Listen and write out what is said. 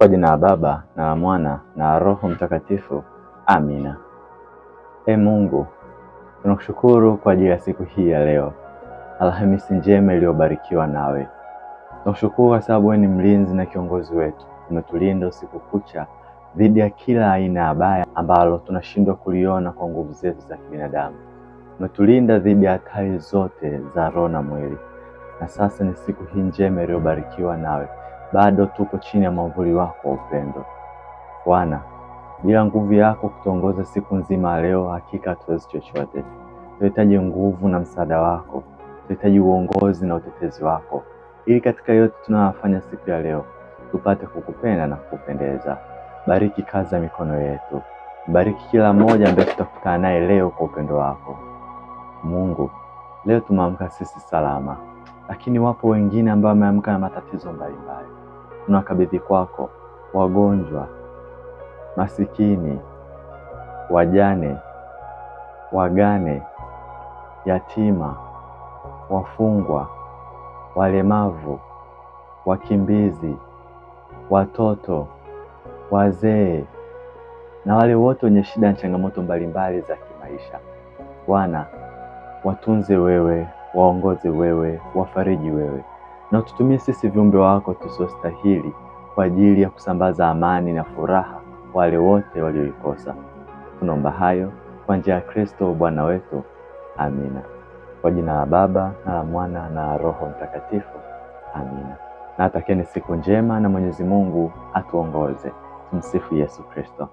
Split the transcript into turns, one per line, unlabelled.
Kwa jina la Baba na la Mwana na la Roho Mtakatifu, amina. E Mungu, tunakushukuru kwa ajili ya siku hii ya leo, Alhamisi njema iliyobarikiwa nawe. Tunakushukuru kwa sababu wewe ni mlinzi na kiongozi wetu, umetulinda usiku kucha dhidi ya kila aina ya baya ambalo tunashindwa kuliona kwa nguvu zetu za kibinadamu. Umetulinda dhidi ya hatari zote za roho na mwili, na sasa ni siku hii njema iliyobarikiwa nawe bado tuko chini ya mwavuli wako wa upendo Bwana. Bila nguvu yako kutongoza siku nzima leo, hakika hatuwezi chochote. Tunahitaji nguvu na msaada wako, tunahitaji uongozi na utetezi wako, ili katika yote tunayofanya siku ya leo tupate kukupenda na kukupendeza. Bariki kazi ya mikono yetu, bariki kila mmoja ambaye tutakutana naye leo kwa upendo wako Mungu. Leo tumeamka sisi salama, lakini wapo wengine ambao wameamka na matatizo mbalimbali tunakabidhi kwako wagonjwa, masikini, wajane, wagane, yatima, wafungwa, walemavu, wakimbizi, watoto, wazee na wale wote wenye shida na changamoto mbalimbali za kimaisha. Bwana, watunze wewe, waongoze wewe, wafariji wewe na tutumie sisi viumbe wako tusiostahili kwa ajili ya kusambaza amani na furaha wale wote walioikosa. Tunaomba hayo kwa njia ya Kristo Bwana wetu. Amina. Kwa jina la Baba na la Mwana na la Roho Mtakatifu. Amina. Na atakeni siku njema na Mwenyezi Mungu atuongoze. Tumsifu Yesu Kristo.